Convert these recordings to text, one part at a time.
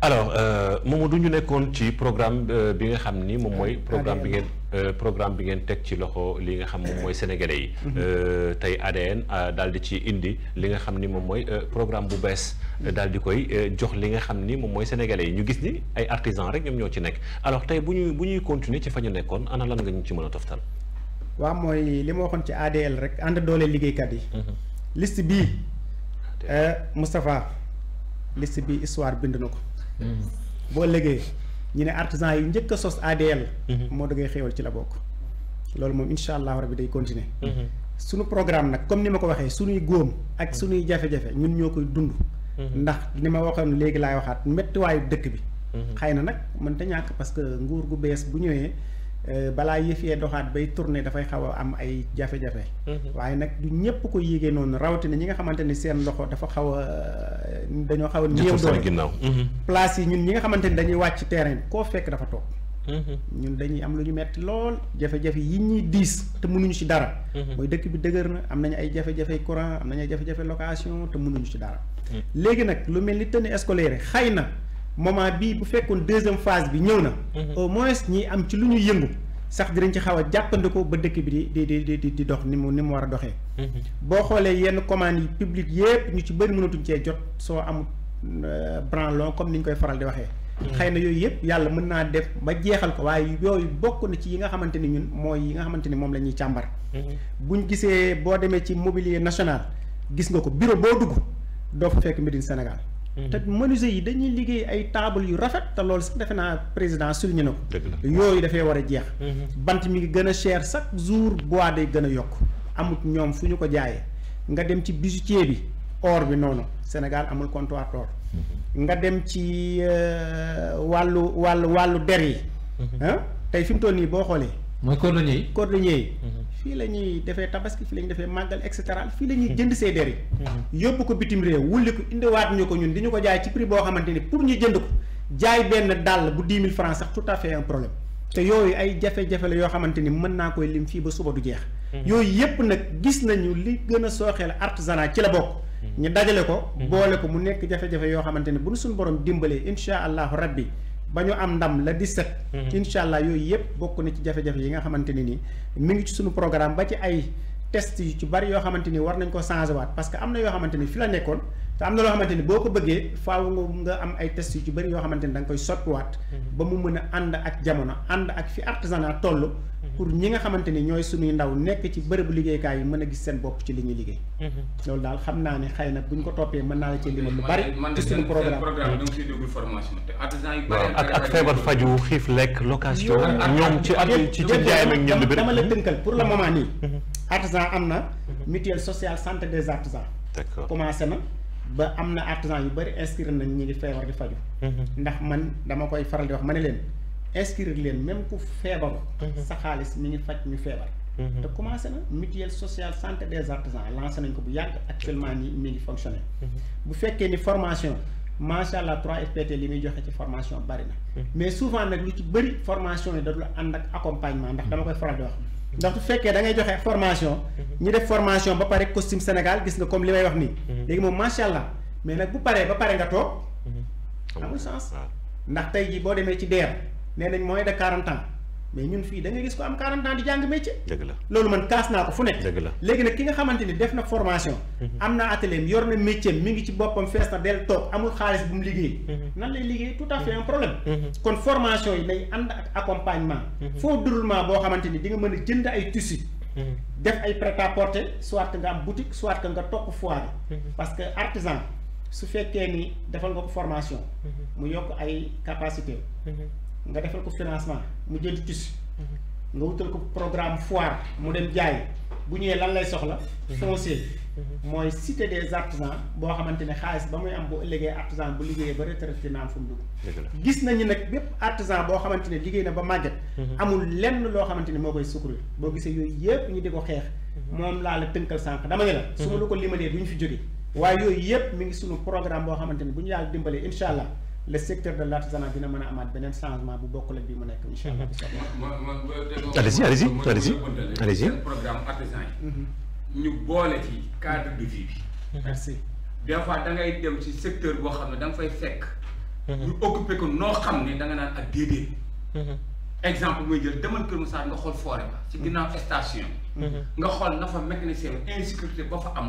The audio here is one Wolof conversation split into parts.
alors euh, du ñu nekkoon ci programme euh, bi nga xam ni moom mooy programme bi ngeen euh, programme bi ngeen teg ci loxo li nga xam moom mooy sénégalais yi mhm. tey ADN daal di ci indi li nga xam ni moom mooy programme bu bees mhm. daal di koy jox li nga xam ni moom mooy sénégalais yi ñu gis ni ay artisans rek ñoom ñoo ci nekk alors tey bu ñuy bu ñuy continuer ci fa ñu nekkoon ana lan nga ñu ci mën a toftal waa mooy li ma waxoon ci ADL rek ànd doole liggéeykat yi mhm. list bii Moustapha list bi histoire bind na ko Mm. boo liggéey ñu ne artisan yi njëkk sos ADL. Mm-hmm. moo dëggee xéewal ci la bokk. loolu moom incha allahu rabi day continuer. Mm-hmm. suñu programme nag comme ni ma ko waxee suñuy góom ak mm-hmm. suñuy jafe-jafe ñun ñoo koy dund. ndax ni ma waxoon léegi laay waxaat méttiwaayu dëkk bi. xëy na nag mënta ñàkk parce que nguur gu bees bu ñëwee. Euh, balaa yëf yee doxaat bay tourné dafay xaw a am ay jafe-jafe. Mhm. waaye nag du ñëpp ko yéegee noonu rawatina ñi nga xamante ni seen loxo dafa xaw a euh, dañoo xaw a. néew doole ginnaaw. Mhm. place yi ñun ñi nga xamante ni dañuy wàcc terrain koo fekk dafa toog. Mhm. ñun dañuy am lu ñu metti lool jafe-jafe yi ñuy diis te mënuñu ci dara. mooy dëkk bi dëgër na am nañu ay jafe-jafe courant am nañu ay jafe-jafe location te mënuñu ci dara. léegi nag lu mel ni tenue scolaire xay na. moment bii bu fekkoon deuxième phase bi ñëw na. Mhm. au moins ñi am ci lu ñuy yëngu sax dinañ ci xaw a jàppandiku ba dëkk bi di di di di dox ni mu ni mu war a doxee. Mhm. boo xoolee yenn commandes yi publiques yépp ñu ci bëri mënatuñ cee jot soo amut euh, branlon comme ni ñu koy faral di waxee. Mhm. xëy na yooyu yëpp yàlla mën naa def ba jeexal ko waaye yooyu bokk na ci yi nga xamante ni ñun mooy yi nga xamante ni moom la ñuy càmbar. buñ gisee boo demee ci mobilier national gis nga ko bureau boo dugg doo fa fekk Médine Sénégal. Mhm. te menuisier yi dañuy liggéey ay table yu rafet te lool sax defe naa président souligné na ko yooyu dafay war a jeex mhm. bant mi ngi gën a cher chaque jour bois day gën a yokk amut ñoom fu ñu ko jaaye nga dem ci bijoutier bi or bi noonu Sénégal amul comptoir d'or mhm. nga dem ci euh, wàllu wàllu wàllu der yi tey fi mu toll nii boo xoolee mooy cordonnier yi cordonnier yi mhm. fii la ñuy defee tabaski fii la ñuy defee màggal et cetera fii la ñuy mhm. jënd see der yi mhm. yóbbu ko bitim réew wulli ko indiwaat ñu ko ñun di ñu ko jaay ci prix boo xamante ni pour ñu jënd ko jaay benn dàll bu dix mille francs sax tout à fait un problème te yooyu ay jafe-jafe la yoo xamante ni mën naa koy lim fii ba suba du jeex yooyu yépp nag gis nañu li gën a sooxee sooxeel artisanat ci la bokk ñu dajale ko boole ko mu nekk jafe yoo xamante ni bu suñu borom dimbalee incha allahu rabbi ba ñu am ndam la 17. Mhm. incha allah yooyu yëpp bokk na ci jafe-jafe yi nga xamante ne nii mi ngi ci suñu programme ba ci ay test yu ci bari yoo xamante ni war ni fi na loo xamante ni boo ko bëggee faaw nga am ay test yu ci bari yoo xamante ni da nga koy soppiwaat. Mhm. ba mu mën a ànd ak jamono mhm. ñi nga xamante ni ñooy suñuy ndaw nekk ci bërëbu liggéeykaay yi mën a gis seen bopp ci li ñuy liggéey. Mhm. loolu naa ne xëy na bu ñu ko toppee mën naa la ci limal lu bari. ci suñu programme man feebar faju xiif lekk location. ñoom ci at ci ci jaay ak ñënd bi rek dama la tënkal pour le moment nii artisan artisans am mutuelle sociale santé des artisans. d'accord commencé na ba amna artisans yu bari inscrire nañ ñi ngi feebar di faju mhm. ndax man dama koy faral di wax mané ne leen inscrire leen même ku fébar mhm. sa xaalis mi ngi faj ñu fébar mhm. te commencé na mutuelle sociale santé des artisans lancé nañ ko bu yàgg actuellement ni mi ngi fonctionner bu fekké ni formation machallah allah 3FPT li muy joxe ci formation bari na. mais souvent nak lu ci bari formation yi da dul and ak accompagnement ndax dama koy faral di wax. ndax du fekkee da ngay joxe formation. ñu def formation ba pare costume Sénégal gis nga comme li may wax nii. Mhm. léegi moom macha allah mais nag bu paree ba pare nga toog. Mhm. amul sens ndax tey jii boo demee ci DER nee nañ mooy de quarante ans. mais ñun fii da gis ko am 40 di jàng métier. dëgg la loolu man kaas naa ko fu nekk. dëgg la léegi nag ki nga xamante ni def na formation. Mhm. am na atelier yor na métier mi ngi ci boppam fees na del toog amul xaalis bu mu liggéey. Mhm. nan lay liggéey tout à fait un problème. Mhm. kon formation yi nay ànd ak accompagnement. foo durulement boo xamante ni di nga mën a jënd ay tissus. def ay prêt à porter soit nga am boutique soit que nga topp foire. parce que artisan su fekkee ni defal nga ko formation. mu yokk ay capacité nga defal ko financement mu jënd tissu mhm. nga wutal ko programme foire mu dem jaay bu ñëwee lan lay soxla mhm. foncier mhm. mooy cité des artisans boo xamante ne xaalis ba muy am bu ëllëgee artisan bu liggéeyee ba retraité na am fu mu dugg gis nañu nag bépp artisan boo xamante ne liggéey na ba màgget amul lenn loo xamante ne moo koy sukkurir boo gisee yooyu yëpp ñu di ko xeex moom laa la tënkal sànq dama ne la su ma lu ko limalee du ñu fi jóge waaye yooyu yëpp mu ngi sunu programme boo xamante ne bu ñu yàlla dimbalee incha allah le secteur de l' artisanat dina mën a amaat beneen changement bu bokkul ak bi mu nekk incha allah. ma ma ma allez mhm. ñu boole ci cadre de vie bi. merci des fois da ngay dem ci secteur boo xam ne da nga fay fekk. Mhm. ñu occupé ko noo xam ne da nga naan ak déedéet. Mhm. exemple mooy jël demal Kër Moussa nga xool forêt ba. ci ginnaaw station. nga xool na fa mécanicien insécurité ba fa am.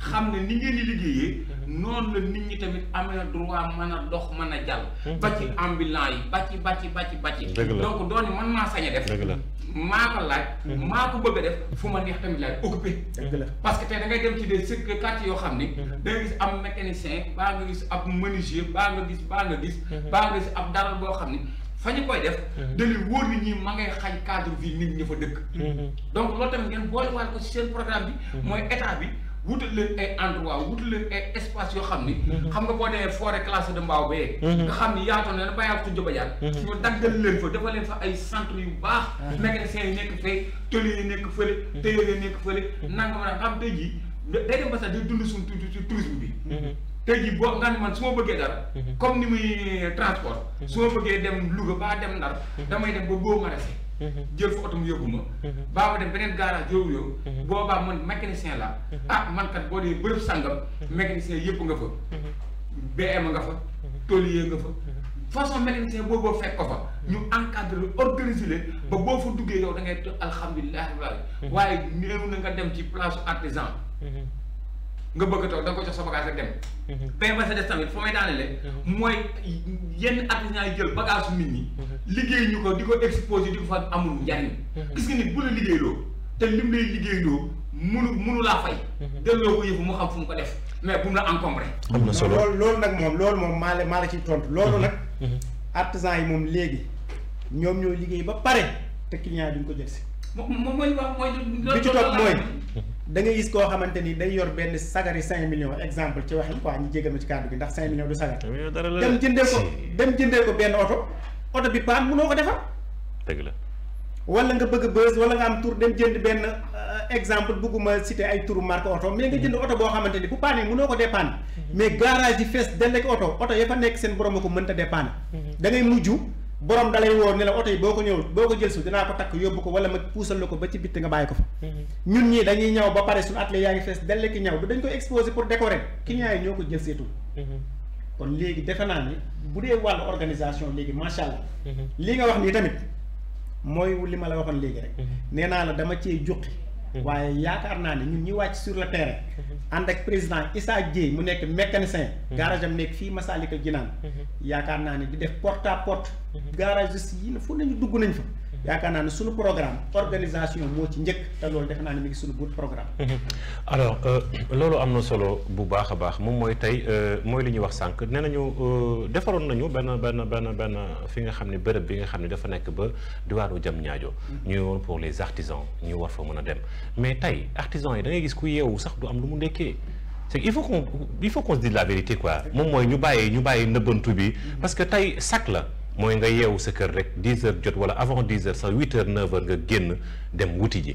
xam ni ngeen di liggéeyee noonu la nit ñi tamit amee droit mën a dox mën a jàll hmm. ba ci ambulant yi ba ci ba ci ba ci ba ci donc doon man maa sañ def maa ko laaj hmm. maa bëgg def fu ma neex tamit laaj occupé parce que tey da ngay dem ci des cirque quartier yoo xam ni hmm. da gis am mécanicien baa nga gis ab menuisier baa nga gis baa nga gis nga gis ab ni koy def dañuy wóor nit ñi ma ngay xaj cadre vie nit ñi fa dëkk donc loolu tamit ngeen boole waat ko ci seen programme bi mooy état bi wutal leen ay endroit wutal leen ay espace yoo xam ni. Mhm. xam nga boo demee forêt classée de Mbao bee. Mhm. nga xam ni yaatoon na ne bàyyi ko Ndiobba Diagne. ñu leen fa dafa leen fa ay centre yu baax. Mhm. mécanicien yi nekk fee tôlier yi nekk fële. tailleur yi nekk fële. nangam nag xam tey day dem ba sax day dund suñu tourisme bi. tey jii boo nga ne man su ma bëggee dara. comme ni muy euh, transport. su ma bëggee dem Louga ba dem Ndar. damay dem ba Beau Maraîcher. Mhm. jël fa oto yóbbu ma. Mhm. baa ma dem beneen garage yóbbu yow. Mhm. boobaa man mécanicien laa. ah man kat boo dee bërëb sangam. mécanicien yëpp nga fa. BM nga fa. tôlier nga fa. façon mécanicien boobu fekk ko fa. ñu encadré lu organisé leen. ba boo fa duggee yow da ngay alhamdulilah waaye néew na nga dem ci place artisan. nga bëgg a toog da ko jox sa bagage ak dem. benn ba sa des tamit foo may daanelee. Mhm. mooy yenn artisans naa jël bagage nit ñi. Mhm. liggéey ñu ko di ko exposé di ko fa amul njariñ. Mhm. gis nga nit bu la liggéeyloo te lim liggéey liggéeyloo munu munu laa fay. delloo ko yëfu mu xam fu mu ko def mais bu mu la encombré. am na solo loolu loolu nag moom loolu moom maa la maa la ciy tontu. loolu nag. artisans yi moom léegi ñoom ñoo liggéey ba pare te bi duñ ko jël si. moom mooy waaw mooy. loolu bi da ngay gis koo xamante ni day yor benn sagari cinq millions exemple ci waxin quoi ñu jégal ma ci kàddu bi ndax cinq millions du sagar dem jëndee ko dem jëndee ko benn oto oto bi paan mënoo ko defar dëgg la wala nga bëgg a bës wala nga am tur dem jënd benn euh, exemple bëgguma cité ay turu marque oto mais nga oto boo xamante ni bu paanee mënoo ko dépanne mm-hmm. mais garage yi fees dellek oto oto ya fa nekk seen borom a ko mënta dépanne mm-hmm. da ngay mujj borom dalay woon ne la oto yi boo ko ñëwul boo ko jël si dinaa ko takk yóbbu ko wala ma puusal ko ba ci bitt nga bàyyi ko fa mm-hmm. ñun ñii dañuy ñaw ba pare suñu atelier yaa ngi fees delle ki ñaw bi dañ koy exposé pour décorer clients yi ñoo ko jël seetul mm-hmm. kon léegi defe naa ni bu dee wàll organisation léegi macha allah. Mm-hmm. li nga wax nii tamit mooy li ma la waxoon léegi rek nee naa la dama cee juqi Mhm. waaye yaakaar naa ne ñun ñi wàcc sur le terrain. ànd ak président Issa Dieye mu nekk mécanicien. Mhm. garage am nekk fii Massalika Jinaan mhm. yaakaar naa ne di def porte à porte. garage yi fu nañu dugg nañ fa. yakana naa suñu programme organisation moo ci njëkk te lool defe naa mi ngi suñu buut programme. alors euh, loolu am na solo bu baaxa baax mom moy tay euh moy li ñu wax sank nee nañu euh, défaron nañu ben ben ben ben fi nga xamni bërepp bi nga xamni dafa nek ba diwaanu jëm ñaajo ñuy woon pour les artisans ñu war fa mëna dem mais tay artisans yi da ngay gis ku yewu sax du am lu mu ndéké c'est il faut qu'on il faut qu'on se dise la vérité quoi mom moy ñu bayé ñu bayé nëbbantu bi mm-hmm. parce que tay sac la. mooy nga yeewu sa kër rek 10 heures jot wala avant 10 heures sax 8 heures nga génn dem wuti ji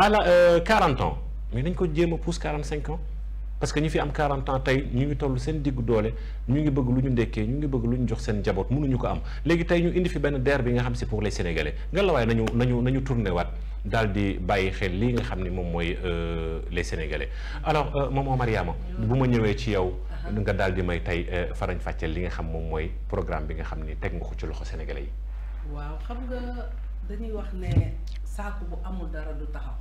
à la euh, quarante ans mais nañ ko jéem que ñi fi am quarante ans tey ñu ngi toll seen diggu doole ñu ngi bëgg lu ñu ndekkee ñu ngi bëgg lu ñu jox seen njaboot mënuñu ko am léegi tey ñu indi fi benn DER bi nga xam si pour les sénégalais nga la waaye nañu nañu nañu tourné xel lii nga xam ni moom mooy euh, les sénégalais alors moom euh, Mariama bu ma ñëwee ci yow uh-huh. nga daal di may tey farañ fàcceel li nga xam moom mooy programme bi nga xam ni teg nga ko ci loxo sénégalais yi waaw xam nga dañuy wax ne saku bu amul dara du taxaw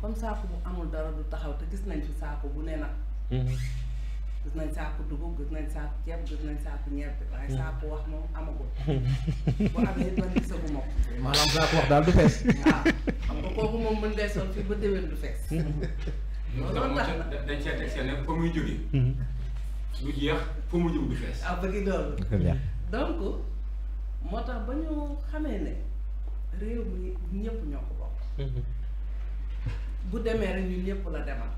comme saako bu amul dara du taxaw te gis nañ fi saako bu ne nag mhm. gis nañ saako dugub gis nañ saako ceeb gis nañ saako ñebe waaye mhm. saako wax moom amagul bu amee man gisagu ma ko maanaam saako wax daal du fees xam nga kooku moom mën ngay sol fii ba déwén du mhm. tax dañ muy lu jeex mu du ah bëgg donc réew mi ñépp ñoo ko bokk mhm. bu demee rek ñun ñëpp la demal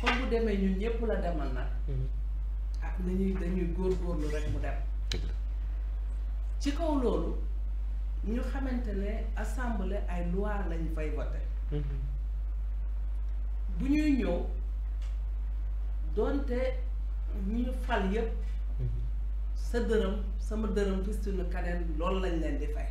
kon mhm. bu demee ñu ñépp la demal nag mhm. ah nañuy dañuy góorgóorlu rek mu dem ci kaw loolu ñu xamante ne assemblée ay loi lañ fay voté bu ñuy ñëw doonte ñu fal yépp sa dërëm sama dërëm fistinu kaneen loolu lañ leen di fay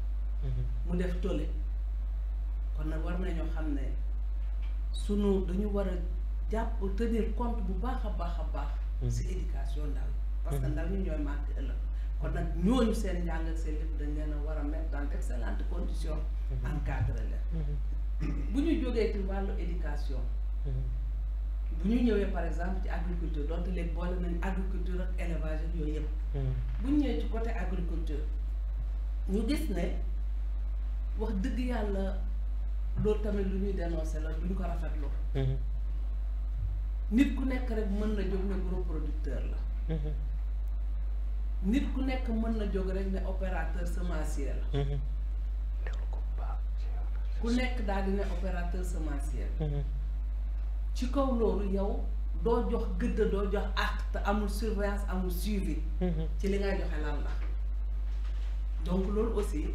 Mm-hmm. mu def tole kon nag war nañu xam ne sunu dañu war a jàpp tenir compte bu baax a baax a baax. si mm-hmm. éducation ndaw parce que mm-hmm. ndaw ñu ñooy màgg ëllëg. kon nag ñooñu seen njàng ak seen lépp dañ leen a war a mettre dans excellente conditions. encadré leen. bu ñu jógee ci wàllu éducation. bu ñu ñëwee par exemple ci agriculture donte léegi boole nañ agriculture ak élevage ak yooyu yëpp. bu ñu ñëwee ci côté agriculture ñu gis ne. wax dëgg yàlla loolu tamit lu ñuy dénoncé la lu ñu ko rafetloo. Mhm. nit ku nekk rek mën na jóg ne gros producteur la. Mhm. nit ku nekk mën na jóg rek ne opérateur semencier la. Mhm. nekk daal di ne opérateur semencier. ci kaw loolu yow doo jox gëdd doo jox acte amul surveillance amul suivi. ci li ngay joxe lan la donc loolu aussi.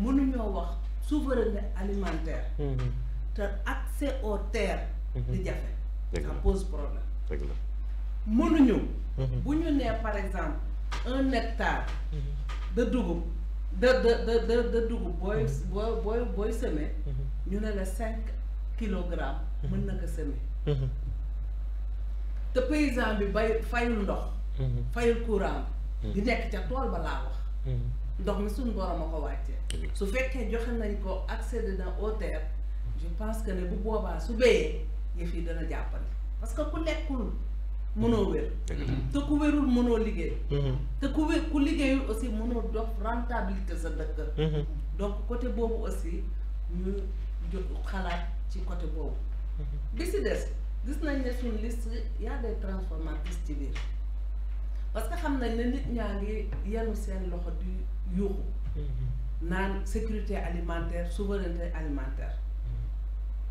mënuñoo wax souveraineté alimentaire. Mm-hmm. te accès aux terres. Mm-hmm. di jafe. dëgg pose problème. mënuñu. Mm-hmm. bu ñu nee par exemple un hectare. de dugub de de de de dugub booy booy booy booy semer. ñu ne la cinq kilogrammes. mën na ko semer. te paysan bi bay fayul ndox. fayul courant bi. nekk ca tool ba laa wax. ndox mi suñu borom a ko wàccee su fekkee joxe nañ ko accès dedans aux terres je pense ne bu boobaa su béyee yëf yi dana jàppale parce que ku lekkul mënoo wér te ku wérul mënoo liggéey mm-hmm. te ku wér ku liggéeyul aussi mënoo dox rentabilité sa dëkk mm-hmm. dox côté boobu aussi ñu jot xalaat ci côté boobu mm-hmm. bi si des gis nañ ne suñu liste y a des ci biir parce que nous avons ne nit ñaa ngi yenu seen loxo di mhm. sécurité alimentaire souveraineté alimentaire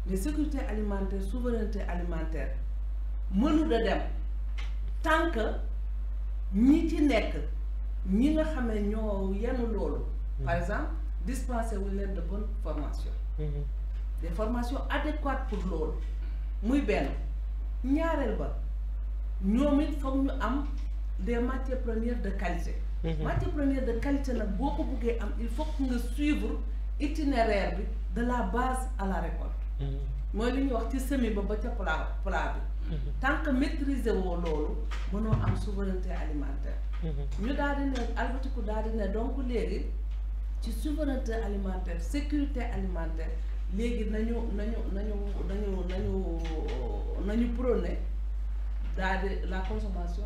mhm. mais sécurité alimentaire souveraineté alimentaire nous devons, dem tant que ñi ci ni ñi nga ñoo mhm. par exemple dispenser de bonnes formations. des formations adéquates pour loolu muy devons ñaareel ba nous, it ñu am des matières premières de qualité. Mhm. matières premières de qualité il faut que suivre l'itinéraire de la base à la récolte. Mhm. Moi suis ñuy wax ci semi ba pour la vie. tant que maîtriser woo nous avons une souveraineté alimentaire. Nous avons une ne donc daal donc souveraineté alimentaire sécurité alimentaire Nous nañu la consommation.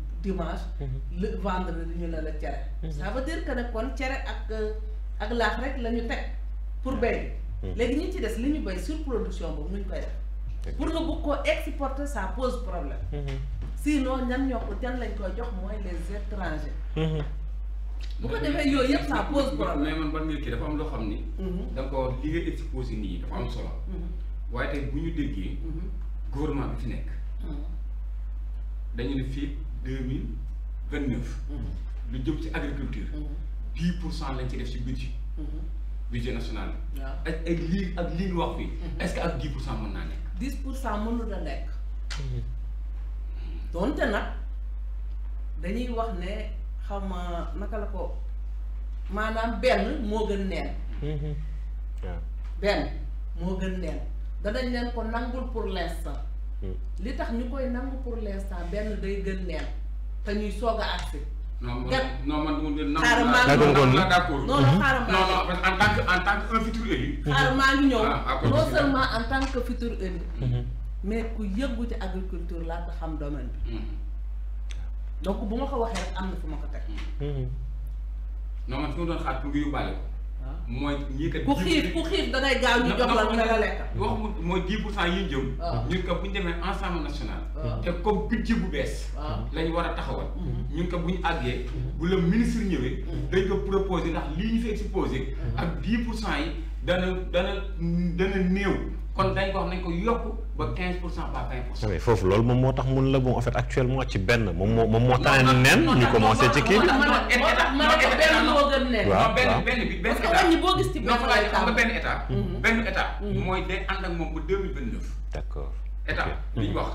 dimanche. Mhm. le vendredi ñu ne la cere. Mhm. ça veut dire que ne cere euh, ak laax rek la ñu teg pour béy. Mhm. léegi ñi ci des li ñu béy surproduction boobu ñu koy def. pour nga bëgg koo exporter ça pose problème. sinon ñan ñoo ko ñan lañ koy jox mooy les étrangers. bu ko defee yooyu yëpp ça pose problème. mais man ban mbir kii dafa am loo xam ni. da nga ko li nga exposé nii dafa am solo. waaye tey bu ñu déggee. gouvernement bi fi nekk. dañu ne fii. deux mille vingt neuf. Mm-hmm. lu jëm ci agriculture. Mm-hmm. dix pour cent lañ ci def ci budget. Mm-hmm. budget national waaw ak ak lii ak wax fii. est-ce que ak dix pour cent mën naa nekk. dix pour cent mënul a nekk. doonte nag dañuy wax ne xam ma naka la ko maanaam benn moo gën neen. waaw benn moo gën neen danañ leen ko nangul pour l'instant. Mm. li tax ñu koy nangu pour l'instant benn day gën neen te ñuy soog a agsi non non man du ma xaaral maa ngi ñëw ah, ah, non non xaaral maa non mais ku yëngu ci agriculture laa ko xam domaine bi. Mm-hmm. donc bu ma ko waxee am na fu ma ko teg. Mm-hmm. Mm-hmm. non man fi doon xaar pour nga yóbbaale ko. mooy ñii kat. ku xiif ku xiif dangay gaaw ñu jox la nga la lekk. wax mooy dix pour yi jëm. Ah. ñun kat bu ñu demee ensemble national. Ah. te comme budget bu bees. Ah. lañu war a taxawal. Mm-hmm. ñun kat bu ñu àggee. Mm-hmm. bu la ministre ñëwee. Mm-hmm. dañ ko proposé ndax lii ñu fi exposé. ak dix pour cent yi dana dana dana néew. kon dañ ko wax nañ ko yokk ba 15 pour cent ba 20 pour cent. mais foofu loolu moom moo tax mun la bon en fait actuellement ci benn moom moo moom moo tane nen ñu commencé ci kii. moo tax moo tax benn moo gën nen. waaw benn benn bi benn état parce que wàññi boo gis ci benn état xam nga benn état. Mm-hmm. Mm-hmm. benn état. Mm-hmm. mooy day ànd ak moom ba 2029. d'accord état li ñu wax.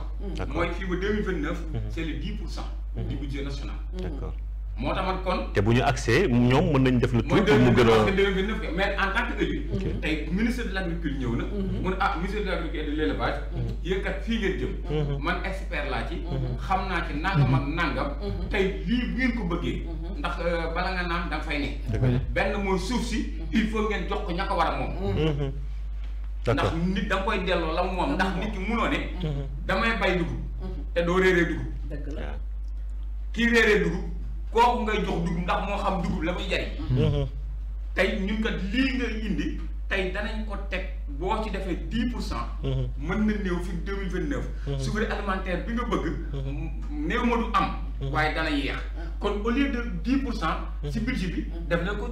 mooy fii ba 2029. c'est le 10 pour cent. du budget national. d'accord. moo tax man kon. te bu ñu accès ñoom mën nañ def lu tuuti pour mu gën a mais en tant que élu. tey ministre de l' agriculture ñëw na. Mhm. mu ne ah ministre de l' agriculture et de mhm. fii ngeen jëm. Mhm. man expert laa ci. xam naa ci nangam ak nangam. tey fii bu ngeen ko bëggee. ndax euh, bala nga naan da nga ne. benn mooy suuf si il faut ngeen jox ko ña ko war a moom. ndax nit da koy delloo la moom ndax nit ki munoo ne. damay bay dugub. te doo réeree dugub. kii réeree dugub. kooku ngay jox dugub ndax moo xam dugub la muy jariñ mm-hmm. tey ñun kat lii nga indi tey danañ ko teg boo ci defee dix pour cent mm-hmm. mën na néew fii deux mille vingt neuf mm-hmm. souveraineté alimentaire bi nga bëgg néew ma du am waaye dana yeex kon au lieu de pour cent si budget bi def na ko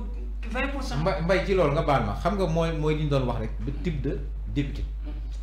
vingt pour cent mbay ci lool nga baal ma xam nga mooy mooy li ñu doon wax rek ba type de député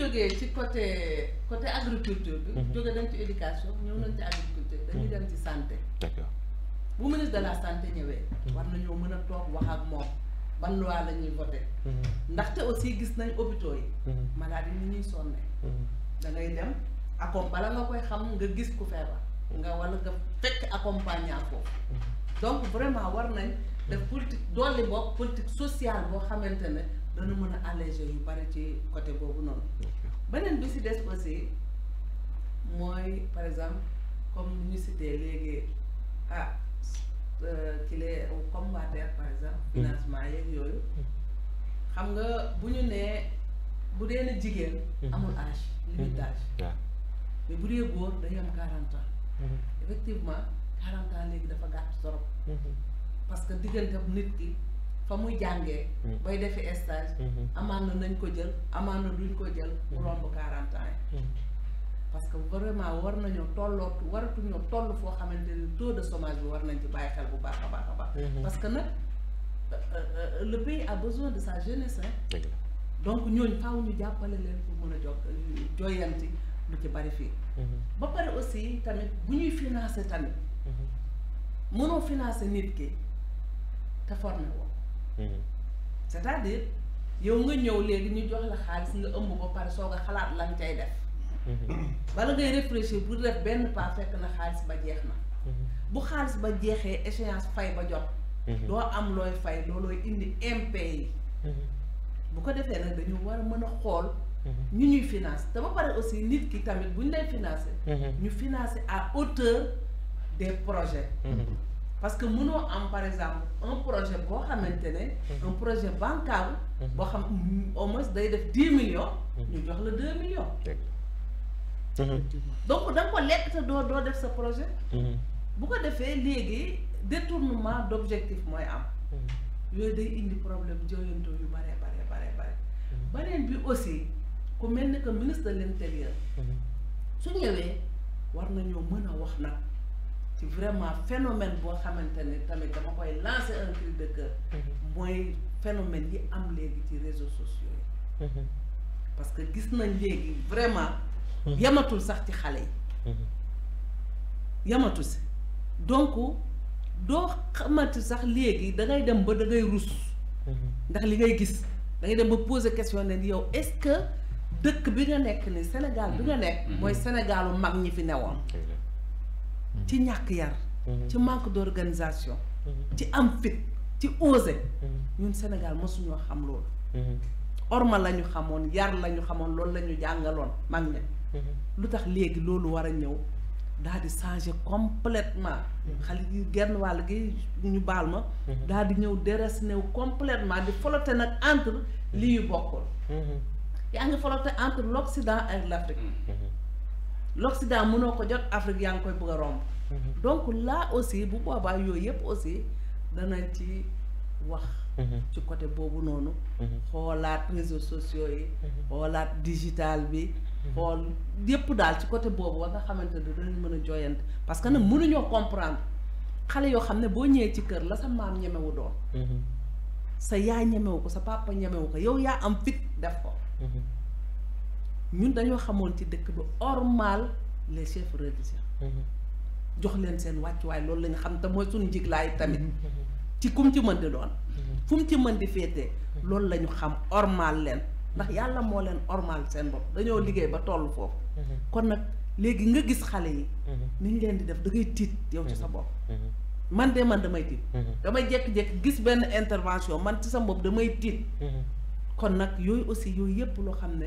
jógee ci côté côté agriculture bi. Mhm. jóge nañ ci éducation ñëw nañ ci agriculture dañuy mhm. dem ci santé. d'accord bu ministre de la santé ñëwee. Mhm. war nañoo mën a toog wax ak moom ban loi la ñuy voté. ndaxte aussi gis nañ opito yi. maladie ni ñuy sonne. da ngay dem accompagner bala nga koy xam nga gis ku feebar. nga wala nga fekk accompagnant foofu. donc vraiment war nañ def politique dolli bopp politique sociale boo xamante ne. dana mën a alléger yu bari ci côté boobu noonu. beneen bi si des aussi mooy par exemple comme ñu cité léegi ah euh, ci les comme Water par exemple. Mm. financement yeeg yooyu. Mm. xam nga bu ñu nee bu dee na jigéen. Mm-hmm. amul âge mm-hmm. limite d'âge. mais bu dee góor day am quarante ans. Mm-hmm. effectivement quarante léegi dafa gàtt soro parce que diggante nit ki. fa muy jàngee. Mm. bay defi estage mm-hmm. amaan na nañ ko jël amaan na duñ ko jël. mu mm-hmm. romb quarante ans yi. Mm-hmm. parce que vraiment war nañoo waratu waratuñoo toll foo xamante ni taux de somage bi war nañ ci bàyyi xel bu baax a baax a baax. parce que nag euh, euh, euh, le pays a besoin de sa jeunesse hein. donc ñooñu faaw ñu jàppale leen pour mën a jokk joyanti lu ci bari fii. ba pare aussi tamit bu ñuy financer tamit. mënoo financer nit ki te former c'est-à-dire yow nga ñëw léegi ñu jox la xaalis nga ëmb ko pare soog a xalaat lan cay def. bala ngay réfléchir pour def benn pas na xaalis ba jeex na. Mhm. bu xaalis ba jeexee échéance fay ba jox mhm. doo am looy fay loolooy indi MP yi. Mhm. bu ko defee nag dañu war a mën a xool. ñu ñuy finance te ba pare aussi nit ki tamit bu ñu lay financé. ñu financé à hauteur de projet parce que nous, am par exemple un projet boo xamante ne. Mhm. un projet bancaire, mhm. boo xam au moins day def millions. Mhm. ñu jox la 2 millions. donc da nga ko lekk te doo def sa projet. bu ko defee léegi détournement d' objectif mooy am. yooyu day indi problème jooyantoo yu bare bare bare bare. beneen bi aussi ku mel que ministre de l'Intérieur, intérieur. su ñëwee war nañoo mën wax c'est vraiment phénomène boo xamante ne tamit dama koy lancer un cri de cœur mhm. mooy phénomène yi am léegi ci réseaux sociaux mhm. parce que gis nañ léegi vraiment mhm. yamatul sax ci xale yi yamatu si donc doo xamante sax léegi da ngay dem ba da ngay rus ndax li ngay gis da ngay dem ba poser question ne yow est-ce que dëkk bi nga nekk ni Sénégal bi nga nekk mooy Sénégalu mag ñi fi newoon ci ñàkk yar mhm. ci manque d'organisation mhm. ci am fit ci osé mhm. ñun Sénégal mosuñoo xam loolu orma la ñu xamoon yar la ñu xamoon loolu la jàngaloon mag ña lu tax léegi loolu war a ñëw daal di changer complètement xale gi genn wàll gi ñu baal ma daal di ñëw deres new complètement di folote nag entre li yu bokkul yaa ngi folote entre l'Occident et l'Afrique l'Occident mënoo ko jot Afrique yaa ngi koy bëgg a romb. Mhm. donc laa aussi bu boobaa yooyu yëpp aussi dana ci wax. Mhm. ci côté boobu noonu. Mhm. xoolaat réseaux sociaux yi. xoolaat digital bi. xool yëpp daal ci côté boobu war nga xamante ne danañ mën a jooyante parce que nag mënuñoo comprendre xale yoo xam ne boo ñëwee ci kër la sa maam ñemewu doon. sa yaay ñemewu ko sa papa ñemewu ko yow yaa am fit def ko. ñun dañoo xamoon ci dëkk ba ormal les chefs religieux mhm. jox leen seen wàccuwaay loolu la ñu xam te mooy suñu njiglaay tamit mhm. ci kum ci mën di doon mhm. fu mu ci mën di féetee loolu la xam ormal leen ndax yàlla moo leen ormal seen bopp dañoo liggéey ba toll foofu kon nag léegi nga gis xale yi ni ñu leen di def da ngay tiit yow ci sa bopp man de man damay tiit damay jékki-jékki gis benn intervention man ci sa bopp damay tiit kon nag yooyu aussi yooyu yëpp loo xam ne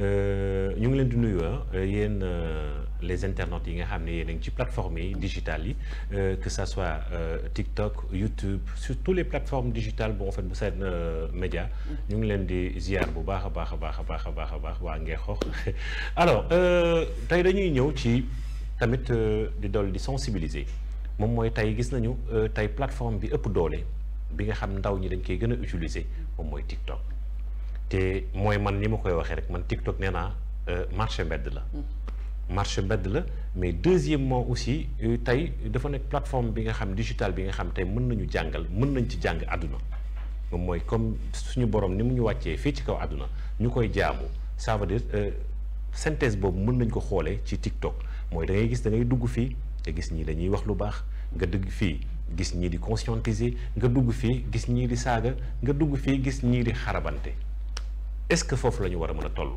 Euh, ñu ngi leen di nuyu ah, yéen euh, les internautes yi nga xam ne yéen a ngi ci plateformes yi digitales yi euh, que ça soit TikTok YouTube sur toutes les plateformes digitales bu rafet bu seen média ñu ngi leen di ziar bu baax a baax a baax a baax a Ngexox alors tey dañuy ñëw ci tamit di dool di sensibiliser moom mooy tey gis nañu tey plateforme bi ëpp doole bi nga xam ndaw ñi dañ koy gën utiliser moom mooy TikTok té moy man ni koy waxé rek man TikTok néna euh marché mbedd la. Hmm. marché mbedd la mais deuxièmement aussi euh, tay dafa nek plateforme bi nga xam digital bi nga xam tay mën nañu jàngal mën nañ ci jàng aduna moom moy comme suñu borom nimu ñu wàccee fi ci kaw aduna ñukoy koy jaamu ça veut dire euh synthèse bobu mën nañ ko xolé ci TikTok moy da ngay gis da ngay dugg fi nga gis ñi dañuy wax lu baax nga dugg fi gis ñi di conscientiser nga dugg fi gis ñi di saga nga dugg fi gis ñi di xarabante est-ce que foofu lañu wara mëna tollu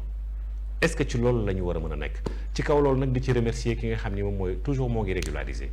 est-ce que ci loolu lañu wara mëna nek ci kaw loolu nak di ci remercier ki nga xamni mom moy toujours mo ngi régulariser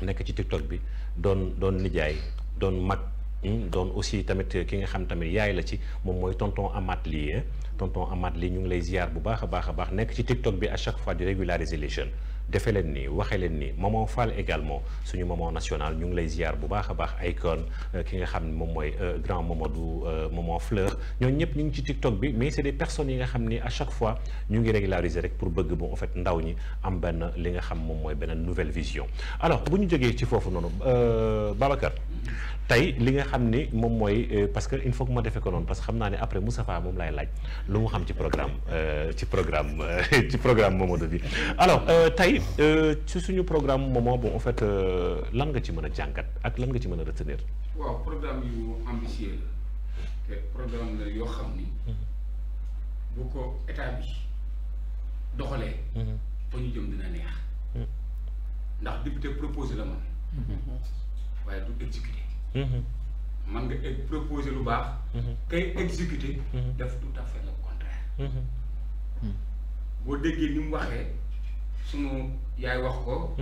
nek ci TikTok bi don don nijaay don mag hmm, don aussi tamit ki nga xam tamit yaay la ci mom moy tonton Amath lii hein. tonton Amath lii ñu ngi lay ziar bu baaxa baaxa baax nek ci TikTok bi à chaque fois di régulariser les jeunes defe ni, nii ni. leen nii maman Fall également suñu maman nationale ñu ngi lay ziar bu baax a baax icône euh, ki nga xam ne moom euh, grand Mamadou euh, maman Fleur ñooñu ñëpp ñu ngi ci TikTok bi mais c'est des personnes yi nga xam à chaque fois ñu ngi régulariser rek pour bëgg bon en fait ndaw ñi am benn li nga xam moom mooy benn nouvelle vision alors bu ñu jógee ci foofu noonu Babacar. tey li nga xam ni moom mooy euh, parce que il faut que ma defee ko noonu parce que xam naa ne après Moustapha moom laay laaj lu mu xam ci programme euh, ci programme euh, ci programme Momodo bi alors tey ci suñu programme Momo bon en fait lan nga ci mën a jàngat ak lan nga ci mën a retenir. waaw programme yu ambitieux la te programme la yoo xam ni. Mhm. bu ko état bi doxalee. Mhm. fa ñu jëm dina neex. Mhm. ndax député proposé la man. waaye du exécuter. man mhm. nga proposer lu baax. Mhm. kay exécuter. Mhm. def tout à fait le contraire. Hmm. boo déggee ni mu waxee sunu yaay wax ko.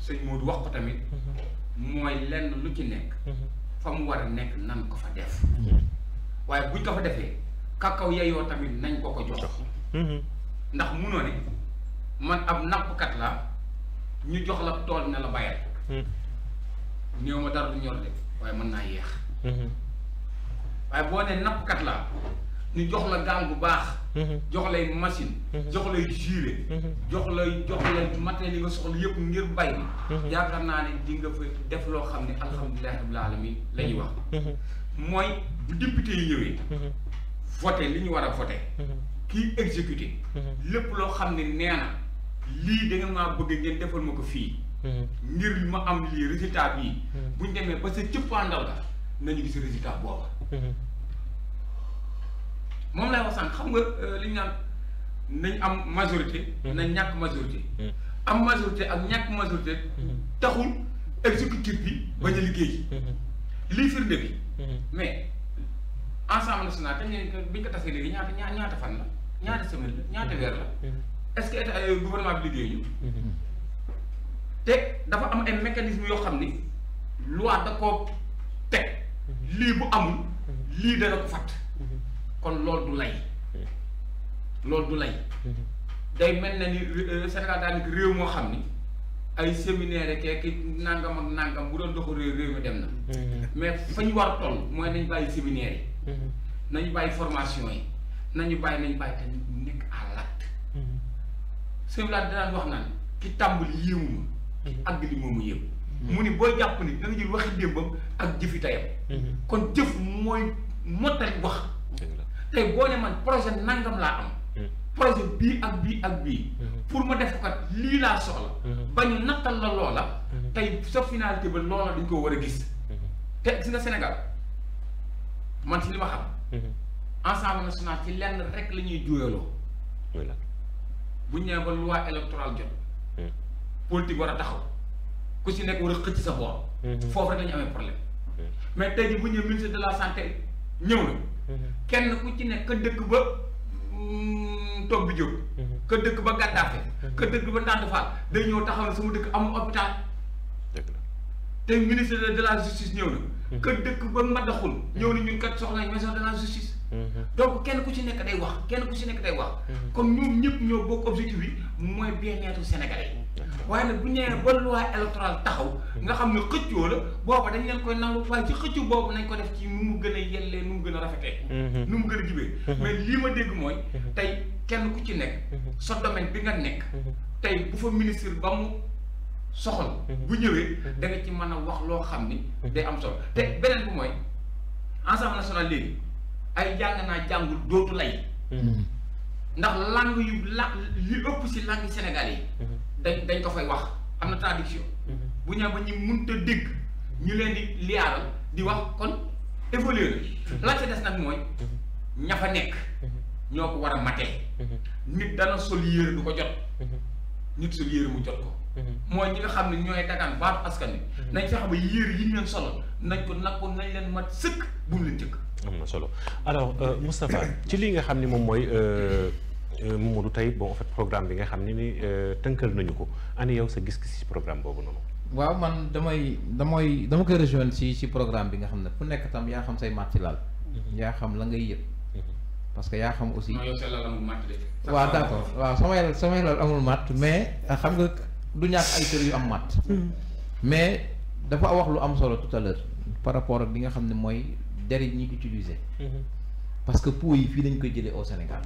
sëñ Modou wax ko tamit. mooy lenn lu ci nekk. fa mu war a nekk nan ko fa def. Hmm. waaye buñ ko fa defee kakaw yeyoo tamit nañ ko ko jox. ndax munoo ne man ab nappkat la ñu jox la tool ne la bayal. Hmm. néew ma dara du ñor de waaye mën naa yéex. Mhm. waaye boo nee nappkat la ñu jox la gaal bu baax. Mhm. jox lay machine. Mhm. jox lay juré. jox lay jox lay matériel yi nga soxla yëpp ngir bay yaakaar naa ne di nga fa def loo xam ne alhamdulilah rabbil alamin lañuy wax. mooy bu député yi ñëwee. li ñu war a voté. kii exécuté. lépp loo xam ne nee na lii da nga maa bëggee ngeen defal ma ko fii. Hmm. ngir ma am lii résultat bii. Hmm. buñ demee ba sa cëppaandaw ga nañu gis résultat booba. Hmm. moom lay wax sànq xam nga euh, li ñu naan nañ am majorité. nañ ñàkk majorité. am majorité ak ñàkk majorité. taxul exécutif bi ba ñu liggéey. lii firnde bi. mais ensemble national dañ ne biñ ko tasee léegi ñaata ñaata fan la ñaata semaine la ñaata weer la. est-ce euh, gouvernement bi liggéey ñu te dafa am ay mécanisme yo xam ni loi da koo teg lii bu amul lii dana ko fàtt kon loolu du lay loolu du lay day mel na ni euh, Sénégal daanaka réew moo xam ni ay séminaire keeki nangam ak nangam bu doon doxu réew réew mi dem na mm-hmm. mais fa ñu war toll mooy nañ bàyyi séminaire yi mm-hmm. nañu bàyyi formation yi nañu bàyyi nañu bàyyi te nekk à l'acte mm-hmm. sëñ bi laa dinaan wax naan ki tàmbali yéemu ma àgg mhm. li moomu yëpp. Mhm. mu ni booy jàpp ni dana jël waxi démbam ak jëfi tayam. Mhm. kon jëf mooy mottali wax. tey boo ne man projet nangam laa am. projet bii ak bii ak bii. pour ma def kat lii laa soxla. bañ nattal la loola. tey sa finalité ba loola dañ ko war a gis. te gis nga Sénégal man ci li ma xam. ensemble national ci lenn rek la ñuy juyaloo. bu ñu nee ba loi jot. politique war a taxaw ku si nekk war a xëcc sa boor. foofu rek la ñu amee problème. mais tey jii bu ñëw ministre de la santé ñëw na. kenn ku ci nekk ka dëkk ba toog bi jóg. ka dëkk ba gàddaafe. ka dëkk ba ndànd faal day ñëw taxaw na sama dëkk amul hôpital. tey ministre de la justice ñëw na. ka dëkk ba madaxul ñëw na ñun kat soxla maison de la justice. donc mhm. kenn ku ci nekk day wax kenn ku ci nekk day wax. Mhm. kon ñoom ñëpp ñoo bokk objectif bi mooy bien-être sénégalais. waaye nag bu ñu nee ba loi électorale taxaw nga xam ne xëccoo la booba dañ leen koy nangu waaye ci xëccu boobu nañ ko def ci nu mu gën a yellee nu mu gën a rafetee mm-hmm. nu mu gën a jibee mm-hmm. mais lii ma dégg mooy mm-hmm. tey kenn ku ci nekk sa domaine bi nga nekk tey bu fa ministre ba mu soxal bu ñëwee da nga ci mën a wax loo xam ni day am solo te beneen bi mooy ensemble national léegi ay jàng naa jàngul dootu lay ndax langue yu la li ëpp si langue Sénégal yi dañ dañ ko fay wax am na traduction. Mhm. bu ñaa ba ñu mënta dégg ñu leen di liyaaral di wax kon évolué mhm. la ca des nag mooy mhm. ña fa nekk. ñoo ko a nit dana sol yére du ko jot. nit sol yére mu jot ko. mooy ñi nga xam ne ñooy dagaan baatu askan wi. nañ fexe ba yére yi ñu solo nañ ko nag nañ leen mat sëkk bu mu leen jëkk. am na solo alors euh, Moustapha ci li nga xam ne moom mooy. Euh, Euh, Mamadou tey bon en fait programme bi nga xam ne ni euh, tënkal nañu ko ani yow sa gis-gis ci programme boobu noonu. waaw man damay damay dama koy rejoindre ci ci programme bi nga xam ne ku nekk tam yaa xam say maat ci laal. Mhm. yaa xam la ngay yëg. Mhm. parce que yaa xam aussi. non yow sa lal amul maat de. mais euh, xam nga du ñàkk ay yu am maat. Mhm. mais dafa wax lu am solo tout par rapport ak li nga xam ne mooy der yi utiliser. parce que pots yi fii dañ koy jëlee au Sénégal.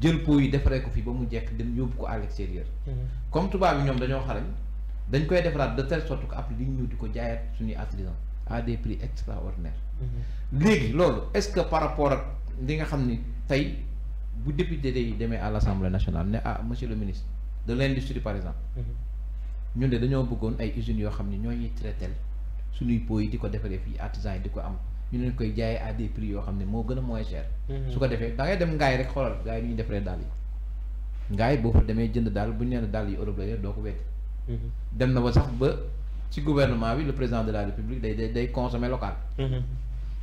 jël pot yi defaree ko fii ba mu jekk dem yóbbu ko à l'extérieur mm-hmm. comme tubaab yi ñoom dañoo xarañ dañ koy defaraat de telle sorte que après li ñu di ko jaayaat suñuy artisan à des prix extraordinaires mm-hmm. léegi loolu est-ce que par rapport ak li nga xam ni tey bu député yi demee à l'Assemblée nationale ne a ah, monsieur le ministre de l'industrie par exemple mm-hmm. ñun de dañoo bëggoon ay usines yoo xam ni ñoo ñuy traité suñuy pot yi di ko defaree fii artisan yi di ko am ñu leen koy jaayee à des yoo xam ne moo gën a moins cher. Mhm. su ko defee da ngay dem ngaay rek xoolal ngaay yi defaree daal yi. ngaay boo fa demee jënd daal bu ñu neen daal yi Europe la doo ko wécc. Mhm. dem na ba sax ba ci gouvernement bi le président de la république day day day consommer local. Mhm.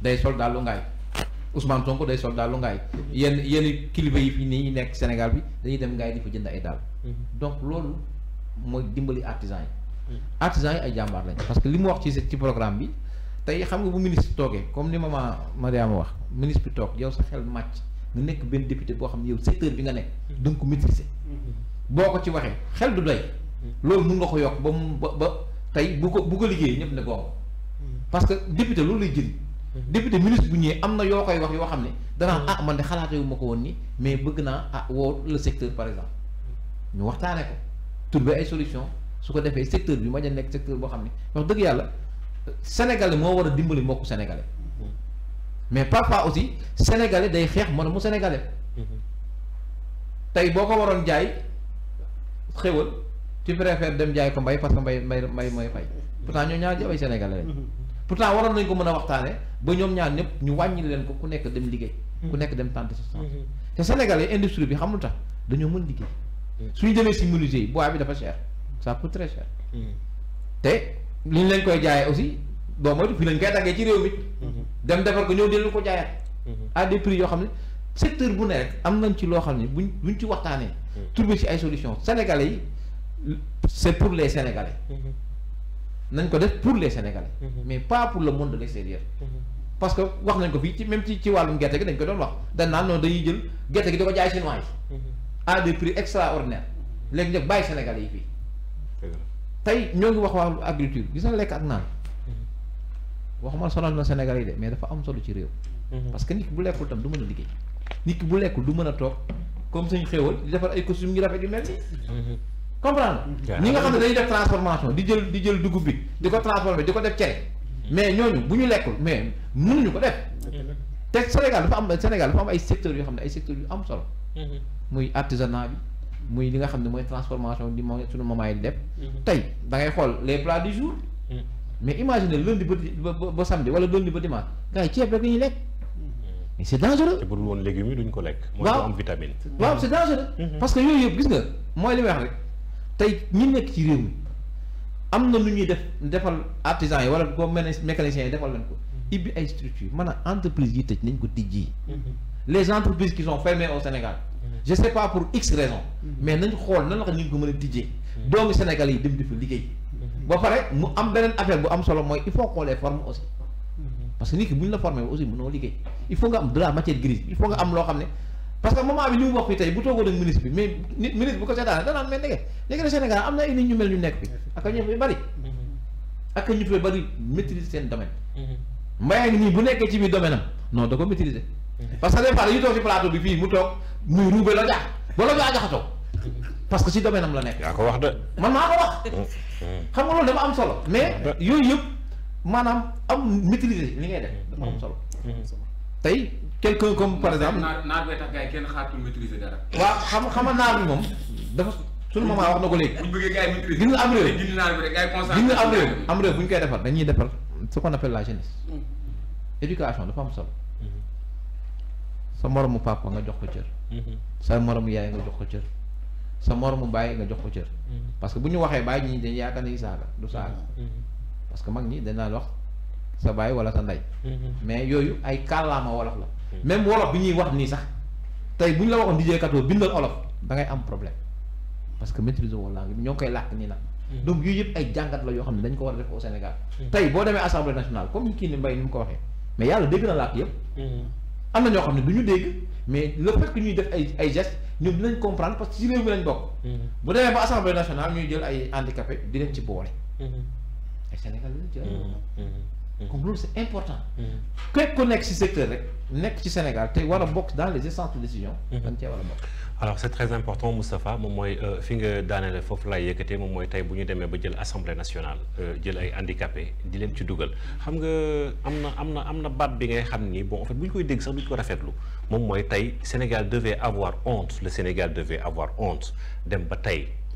day sol daal lu ngaay Ousmane Sonko day sol daal lu ngaay. yenn yenn kilifa yi fi nii ñu nekk Sénégal bi dañuy dem ngaay di fa jënd ay daal. donc loolu mooy dimbali artisans yi. artisans parce que li mu wax ci ci programme bi. tey xam nga bu ministre toogee comme ni maman Mariama wax ministre bi toog yow sa xel màcc nga nekk benn député boo xam ne yow secteur bi nga nekk da nga ko maîtriser boo ko ci waxee xel du doy loolu mun nga ko yokk ba mu ba ba tey bu ko bu ko liggéeyee ñëpp ne gongo que député loolu lay jëriñ député ministre ñëwee am na yoo koy wax yoo xam ne danaa mm-hmm. ah man de xalaate ma ko woon nii mais bëgg naa ah woo le secteur par exemple ñu waxtaane ko trouver ay solution su ko defee secteur bi ma a nekk secteur boo xam ne wax dëgg yàlla sénégalais moo war a dimbali mbokk sénégalais mais parfois aussi sénégalais day xeex mën mu sénégalais tey boo ko waroon jaay xéwal tu préfères dem jaay ko mbay parce que mbay mbay mbay mooy fay pourtant ñoo ñaar jaway sénégalais lañ pourtant waroon nañ ko mën a waxtaane ba ñoom ñaar ñëpp ñu wàññi leen ko ku nekk dem liggéey ku nekk dem tenter sa chance te sénégalais industrie bi xam lu tax dañoo mën liggéey suñu demee si menuisier yi bois bi dafa cher ça coûte li ñu koy jaayee aussi boo moytu fii lañ koy daggee ci réew mi. Mhm. dem defar ko ñëw dellu ko jaayaat. Mhm. à de prix yoo xam ne secteur bu ne rek am nañ ci loo xam ne buñ buñ ci waxtaanee. Mhm. trouver si ay solution sénégalais yi c' est pour les sénégalais. nañ ko def pour les sénégalais. mais pas pour le monde de l' extérieur. parce que wax nañ ko fii ci même ci ci wàllum gerte gi dañ ko doon wax dañ naan noonu dañuy jël gerte gi da ko jaay chinois yi. à des prix extraordinaire léegi nag bàyyi sénégalais yi fii. tey ñoo ngi wax wàllu agriture gis na lekk ak wax waxuma sonal na Sénégal yi de mais dafa am solo ci réew. Mhm. parce que nit bu lekkul tam du mën a liggéey. nit bu lekkul du mën a toog comme suñu xéewal di defar ay costume yu rafet yu mel nii. Mhm. ni nga xam ne dañuy def transformation di jël di jël dugub bi di ko transformé di ko def cere. Mhm. mais ñooñu bu ñu lekkul mais mënuñu ko def. te Sénégal dafa am Sénégal dafa am ay secteurs yoo xam ne ay secteurs yu am solo. muy artisanat bi. muy li nga xam ne mooy transformation di moom suñu maman yi def. tey da ngay xool les plats du jour. Mhm. mais imagine lundi ba ba samedi wala lundi ba dimanche gars yi ceeb rek la lekk. Mhm. mais c' est dangereux. te bu dul woon légumes yi duñ ko lekk. mooy am vitamine. waaw mhm. que yooyu yëpp gis nga mooy li may rek tey ñi nekk ci réew am na lu ñuy def defal artisan yi wala boo mel ne mécaniciens yi defal leen ko. ibbi ay man maanaam entreprise yi tëj nañ ko tijji. les entreprises qui sont fermées au Sénégal mm-hmm. je sais pas pour x raison mm-hmm. mais nañ xool nan la ñu ko le a tijjee mm-hmm. doomu Sénégal yi dem di fa liggéey ba pare mu am beneen affaire bu am solo mooy il faut qu'on les forme aussi parce que nit ki bu la formé aussi mënoo liggéey il faut nga am de la matière grise il faut nga am loo xam parce que moment bi li mu wax fi tey bu toogoo ak ministre bi mais nit ministre bu ko seetaanee danaan mais ndege léegi Sénégal am na ay nit ñu mel ñu nekk fi ak ñu fay bari ak ñu fay bari maîtriser seen domaine mbéy ngi nii bu nekkee ci biir domaine non da ko maîtriser parce que des fois dañuy toog ci plateau bi fii mu toog muy ruube la jax wala jaa jaxatoo parce que si domaine am la nekk. yaa ko wax de. man maa ko wax. xam nga loolu dama am solo. mais yooyu yëpp maanaam am maîtriser li ngay def dafa am solo. Mm-hmm. Mm-hmm. tey quelqu'un comme par exemple. naar naar bee tax kenn xaatul maîtriser dara. waaw xam naar bi moom dafa. suñu maman wax na ko léegi. bu ñu bëggee gars yi maîtriser nga am réew. gis nga am réew am réew bu ñu koy defar dañuy defar ce qu'on appelle la jeunesse. Mm. éducation dafa am solo. sa moromu papa nga jox ko cër. Mhm. sa moromu yaay nga jox ko cër. sa moromu baay nga jox ko cër. Mhm. parce que bu ñu waxee baay ñi dañ yaakaar ni saaga du saaga. Mhm. parce que mag ñi dañ naan wax sa baay wala sa ndey. mais yooyu ay kàllaama wolof la. même wolof bi ñuy wax nii sax tey bu ñu la waxoon DJ Kato bindal olof da ngay am problème parce que maîtriser woo langue ñoo koy làkk nii nag. donc yooyu yëpp ay jàngat la yoo xam ne dañ ko war a def au Sénégal. tey boo demee assemblée nationale comme kii ni Mbaye ni ko waxee mais yàlla dégg na làkk yëpp. amna ñoo xam duñu dégg mais le fait que ñuy def ay ay gestes ñoom dinañ comprendre parce que ci réew mi lañ bokk. Mm-hmm. bu demee ba assemblée nationale ñuy jël ay handicapé di leen ci boole. Mm-hmm. ay sénégal lañ ci boole. Mm-hmm. comme loolu c'est important. képp ku nekk ci secteur rek nekk ci Sénégal te war a bokk dans les instances de décision. dañ cee war a bokk alors c'est très important Moustapha moom mooy euh, fi nga daanele y laay yëkkatee moom mooy tey bu ñu demee ba jël assemblée nationale euh, jël ay handicapé di leen ci dugal xam nga amna na am na am na bi ngay xam ni bon en fait beaucoup ñu koy dégg sax bu ñu ko rafetlu moom Sénégal devait avoir honte le Sénégal devait avoir honte dem ba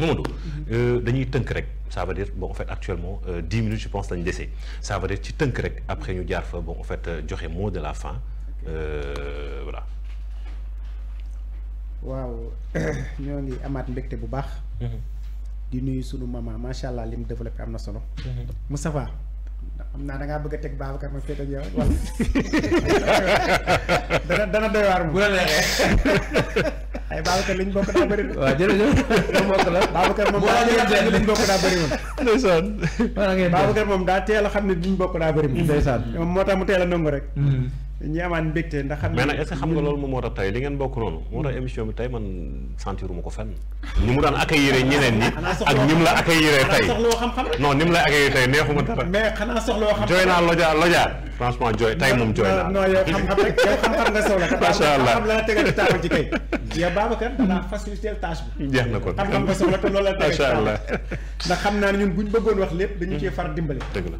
Mamadou euh, dañuy teunk rek ça veut dire bon en fait actuellement 10 euh, minutes je pense lañu dese ça veut dire ci teunk rek après ñu jaar fa bon en fait euh, joxe mot de la fin Euh voilà. waaw ñoo ngi amaat mbégte bu baax. Mhm. di nuyu sunu maman macha allah lim développé amna solo. Mhm. Moustapha amna da nga bëgg a teg Babacar ma fété ak wala dana dana doy waar mu. bu la ay Babacar liñ bokk daa bëri. waaw jërëjëf moom bokk la. Babacar moom daa teel a liñ bokk daa bëri moom. ndeysaan. maanaam ngeen moom daa teel a xam ne ñu bokk daa bëri moom. ndeysaan moom moo tax mu teel a nangu rek. Mm-hmm. ñi amaan mbégte ndax. xam mais xam nga loolu moom moo tax tey li ngeen bokk noonu. moo tax hmm. émission bi tey man sentiruma ko fenn. ni mu daan accueillir ñeneen ñi. ak ni mu la accueillir tey. non ni mu la accueillir tey neexuma dara. mais xanaa soxla woo xam jooy naa loja loja. franchement tey moom jooy naa. non yow xam-xam rek yow xam-xam nga soxla. macha allah xam la la na ko xam-xam nga soxla te loolu la tegal ci ndax xam naa ne ñun buñ bëggoon wax lépp dañu hmm. cee far dimbale. dëgg la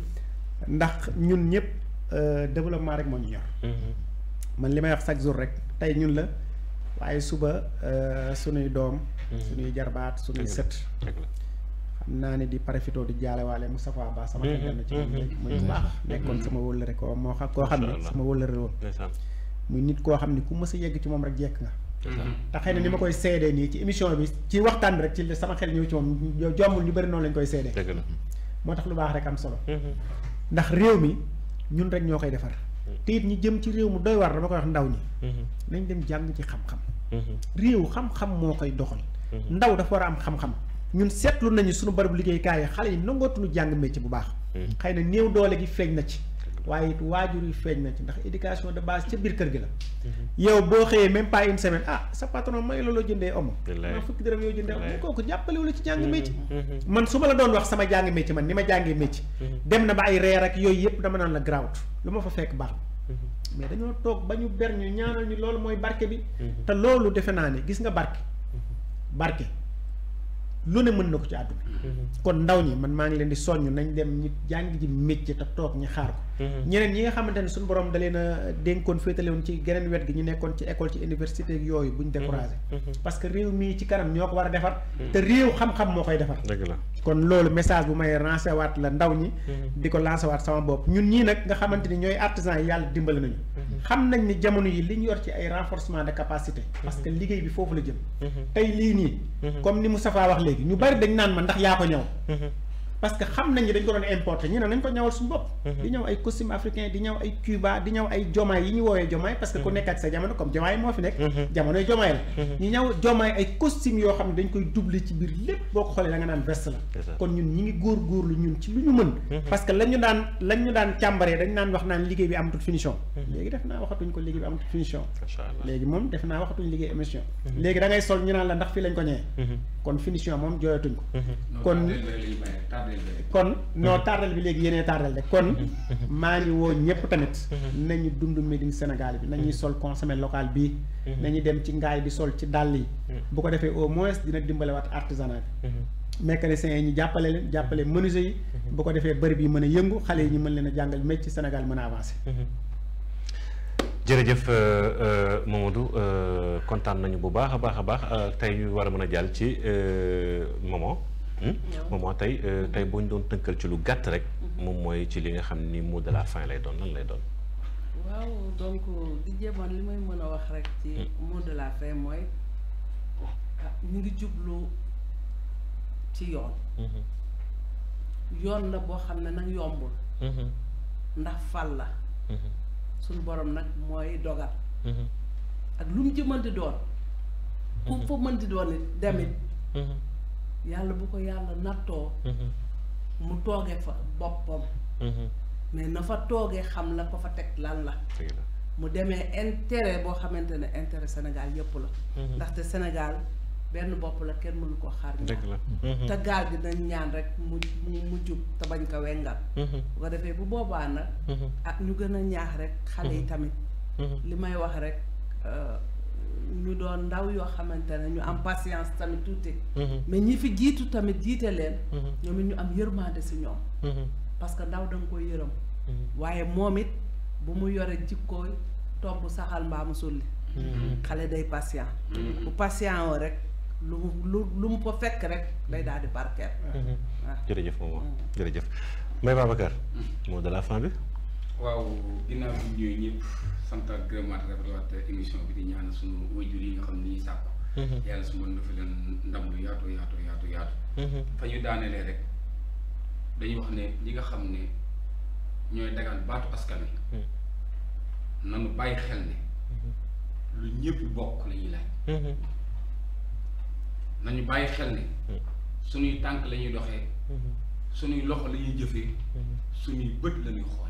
ndax ñun ñëpp Euh, développement rek moo ñu ñor. Mhm. man li may wax chaque jour rek tey ñun la waaye suba euh, sunuy doom. Mhm. sunuy jarbaat sunuy sët. xam naa ne di parafito di jaalewaale Moustapha Ba sama mhm. xel na ci moom nekkoon sama wëllëre ko moo xam koo xam ne sama wëllëre woon muy nit koo xam ne ku mës a yegg ci moom rek jekk nga te xëy na ni ma koy seedee nii ci émission bi ci waxtaan bi rek ci sama xel ñëw ci moom jommul ñu bari noonu lañ koy seedee moo tax lu baax rek am solo ndax réew mi ñun rek ñoo koy defar. te it ñi jëm ci réew mu doy war dama koy wax ndaw ñi. Mm-hmm. nañ dem jàng ci xam-xam. Mm-hmm. réew xam-xam moo koy doxal. Mm-hmm. ndaw dafa war a am xam-xam. ñun seetlu nañu sunu barabu liggéeykaay yi xale yi nangootuñu jàng métier bu baax. xëy na néew doole gi feeñ na ci. waaye waajur yi feeñ na ci ndax éducation de base ca biir kër gi la. Mhm. yow boo xëyee même pas semaine ah sa patron may la loo jëndee omo. ma fukki dërëm yoo jëndee omo kooku jàppalewu la ci jàng mhm. métier. Mhm. man su ma la doon wax sama jàng métier man ni ma jàngee métier. dem na ba ay reer ak yooyu yëpp dama naan la grawut lu ma fa fekk baax mais dañoo toog ba ñu ber ñu ñaanal ñu loolu mooy barke bi. te loolu defe naa ne gis nga barke. barke. lu ne mën na ko ci àdduna mhm. kon ndaw ñi man maa ngi leen di soññ nañ dem ñi jàng ji métier te toog ñi xaar ko mhm. ñeneen ñi nga xamante ne suñu borom da leen a dénkoon féetale woon ci geneen wet gi ñu nekkoon ci école ci université yooyu buñ mhm. découragé parce que réew mii ci kanam ñoo ko war a defar te réew xam-xam moo koy defar dëgg la kon loolu message bu may lancé waat la ndaw ñi. Mm-hmm. di ko lancé waat sama bopp ñun ñii nag nga xamante ni ñooy artisans yi yàlla dimbali nañu. Mm-hmm. xam nañ ni jamono yi li ñu yor ci ay renforcement de capacité. parce que mm-hmm. liggéey bi foofu la jëm. tey lii nii. comme ni mu Moustapha wax léegi ñu bari dañ naan ma ndax yaa ko ñëw. parce que xam nañ ni dañ ko doon importer ñu ne nañ ko ñawal suñu bopp. Mhm. di ñëw ay costume africain di ñëw ay Cuba di ñëw ay jomaay yi ñu woowee jomaay parce que ku mhm. nekk sa jamono comme jomaay mhm. ñu ñëw jomaay ay costume yoo xam ne dañ koy doubler ci biir lépp la. kon moom def naa waxatuñ liggéey émission. léegi da sol ñu naan la ndax fii lañ ko ñëwee. kon finition moom jooyatuñ ko kon non tardal bi léegi yenee tardal rek kon maa ngi woo ñëpp tamit nañu dund Médine Sénégal bi nañuy sol consommé local bi nañu dem ci ngaay di sol ci dàll yi bu ko defee au moins dina dimbalewaat artisanat bi mécaniciens yi ñu jàppale leen jàppale menuisiers yi bu ko defee bërëb yi mën a yëngu xale yi ñu mën leen a jàngal mécc ci Sénégal mën a avancé jërëjëf euh, euh, Mamadou euh, kontaan nañu bu baax a baax a baax tey ñu war a mën a jàll ci moment Hmm? moom moo euh, tey tey boo ñu doon tënkal ci lu gàtt rek. Mhm. moom mooy ci li nga xam ni mot de la fin lay doon lan lay doon. waaw donc di jéemoon li may mën a wax rek. ci hmm. mot de la fin mooy mu ah, ngi jublu ci yoon. Mhm. yoon la boo xam ne nag yombul. Mhm. ndax fal la. suñu borom nag mooy dogal. ak lu mu ci mënti doon. ku fa mënti doon demit yàlla bu ko yàlla nattoo mhm. mu toogee fa boppam mhm. mais na fa toogee xam na ko fa teg lan la mu demee intérêt boo xamante ne intérêt Sénégal yëpp la mhm. ndaxte Sénégal benn bopp la kenn mënu ko xaar ñaar te gaal gi nañ ñaan rek mu mu jub te bañ ko wengal bu ko defee bu boobaa nag ak ñu gën a ñaax rek xale yi tamit li may wax rek euh, ñu doon ndaw yoo xamante ne ñu am patience tamit tuuti. Mhm. mais ñi fi jiitu tamit jiite leen. Mhm. ñoom it ñu am yërmande si ñoom. Mhm. parce que ndaw danga koy yërëm. waaye moom it bu mu yore jikkooy tomb saxal mbaamu sulli. xale day patient. bu patient woo rek lu lu lu mu ko fekk rek day daal di barkeel. jërëjëf moom jërëjëf Mbaye Babacar. mot de la fin bi. waaw ginnaaw bi ñooy ñëpp sant ak gërëmaat rafetluwaat émission bi di ñaan suñu wajur yi nga xam ne ñuy sàkk mhm. yàlla su mën dafa leen ndam lu yaatu yaatu yaatu yaatu mhm. fa ñu daanelee rek dañuy wax ne ñi nga xam ne ñooy dagaan baatu askan wi mhm. nanu bàyyi xel ne lu ñëpp bokk la ñuy laaj nañu bàyyi xel ne suñuy tànk la ñuy doxee suñuy loxo la ñuy jëfee suñuy bët la ñuy xool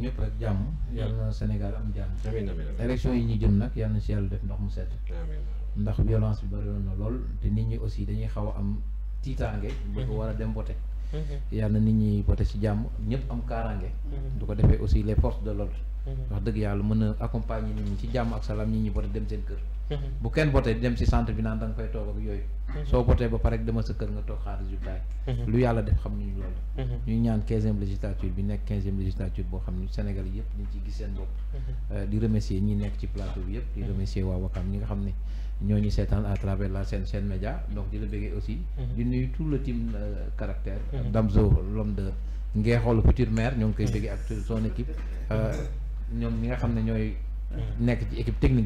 ñëpp rek jàmm yal na Sénégal am jàmm élection yi ñu jëm nag yal na si yàlla def ndox mu sedd ndax violence bi na lool te nit ñi aussi dañuy xaw am tiitaange bu ko mhm. war a dem voter mhm. yal na nit ñi voter si jàmm ñëpp am kaaraange mhm. du ko defee aussi les forces de l'ordre wax dëgg yàlla mën a accompagner nit ñi ci jàmm ak salaam nit ñi voter dem seen kër Mhm. bu kenn botee dem si centre bi naan da fay toog ak yooyu mhm. soo botee ba pare dama sa kër nga toog xaar résultat yi lu yàlla def xam ñu loolu mhm. ñuy ñaan quinzième législature bi nekk quinzième législature boo xam ne Sénégal yëpp ñu ciy gis seen bopp euh, di remercier ñi nekk ci plateau bi di remercier waa ñi nga xam ne ñoo ñu seetaan à la chaîne chaîne média donc di la bëggee aussi di nuyu tout le team euh, caractère Damzo l'homme de Ngexool futur maire ñoo euh,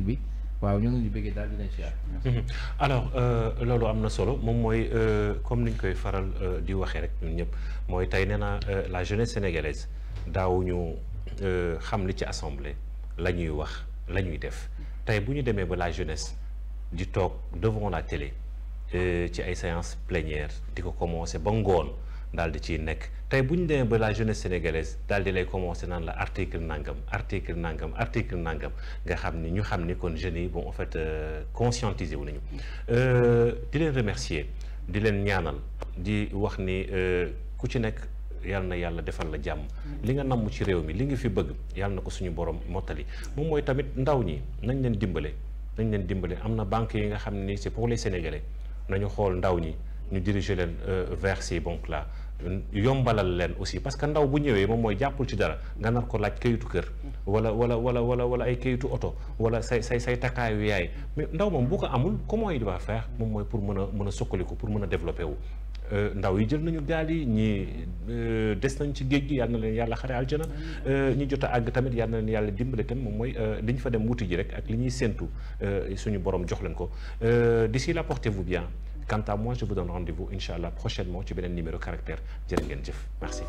bi waaw ñoo ñu bëggee daal di leen siyaar mhm. alors euh, loolu am na solo moom mooy euh, comme niñ koy faral euh, di waxee rek ñun ñëpp moy tay néna la jeunesse sénégalaise ñu euh xam li ci assemblée lañuy wax lañuy def tay buñu démé ba la jeunesse di tok devant la télé euh ci ay séances plénières diko commencer ba ngone daal di ciy nekk tey bu ñu dee ba la jeunesse sénégalaise daal di lay commencé naan la article nangam article nangam article ndàngam nga xam ni ñu xam ni kon jeunes yi bon en euh, conscientiser wu nañu euh, di leen remercier di leen ñaanal di wax ni euh, ku ci nekk yàlla na yàlla defal la jàmm li nga namm ci réew mi li nga fi bëgg yàlla na ko suñu borom mottali moom mooy tamit ndaw ñi nañ leen dimbale nañ leen dimbale am na banque yi nga xam ni c'est pour les sénégalais nañu xool ndaw ñi ñu diriger leen euh, vers ces banques là yombalal leen aussi parce que ndaw bu ñëwee moom mooy jàppul ci dara nga nar ko laaj kayitu kër wala wala wala wala wala ay kayitu oto wala say say say takkaayu yaay mais ndaw moom bu ko amul comment il va faire moom mooy pour mën a mën a suqaliku pour mën a développer wu euh, ndaw yi jël nañu gaal yi ñii euh, des nañ ci géej gi yal na leen yàlla xare aljana ñi jot a àgg tamit yal na leen yàlla dimbale tam moom mooy li ñu fa dem wuti ji rek ak li ñuy séentu suñu borom jox leen ko d'ici la portez-vous bien quant à moi je vous donne rendez-vous Inch'Allah, prochainement, tu verras le numéro caractère jërë merci